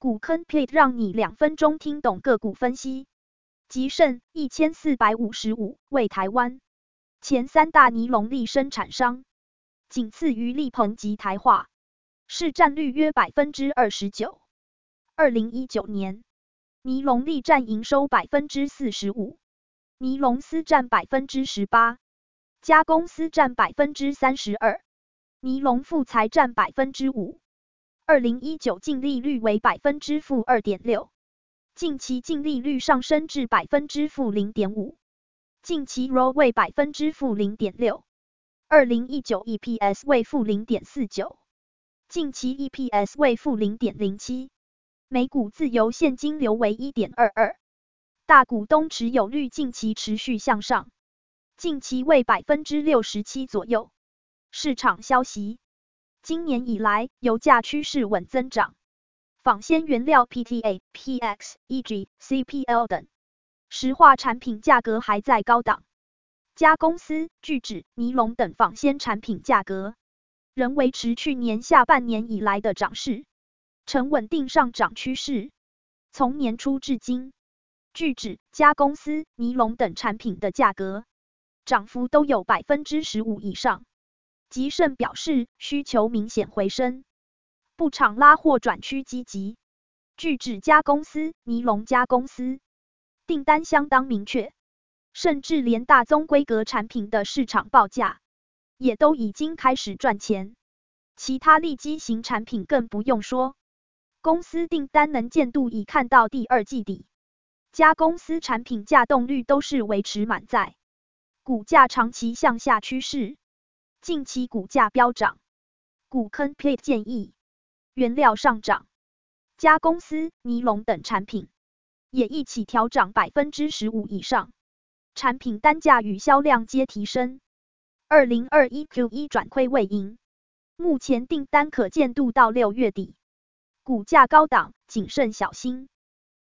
股坑 pit 讓你兩分鐘聽懂個股分析。集盛一千四百五十五為台灣前三大尼龍粒生產商，僅次於力鵬及台化，市占率約百分之二十九。二零一九年，尼龍粒占營收百分之四十五，尼龍絲占百分之十八，加工絲占百分之三十二，尼龍複材占百分之五。2019淨利率為百分之負2.6，近期淨利率上升至百分之負0.5，近期 ROE 為百分之負0.6，2019 EPS 為負0.49，近期 EPS 為負0.07，每股自由現金流為1.22，大股東持有率近期持續向上，近期為百分之67左右。市場消息。今年以來，油價趨勢穩增長，紡纖原料 PTA、e、PX、EG、CPL 等石化產品價格還在高檔，加工絲聚酯、尼龍等紡纖產品價格仍維持去年下半年以來的漲勢，呈穩定上漲趨勢。從年初至今，聚酯、加工絲、尼龍等產品的價格漲幅都有百分之十五以上。集盛表示，需求明顯回升，布廠拉貨轉趨積極，聚酯加工絲、尼龍加工絲訂單相當明確，甚至連大宗規格產品的市場報價也都已經開始賺錢。其他利基型產品更不用說，公司訂單能見度已看到第二季底，加工絲產品稼動率都是維持滿載，股價長期向下趨勢。近期股價飆漲，股坑 plate 建議原料上漲，加工絲尼龍等產品也一起調漲百分之十五以上，產品單價與銷量皆提升。二零二一 Q 一、e、轉虧為盈，目前訂單可見度到六月底，股價高檔，謹慎小心。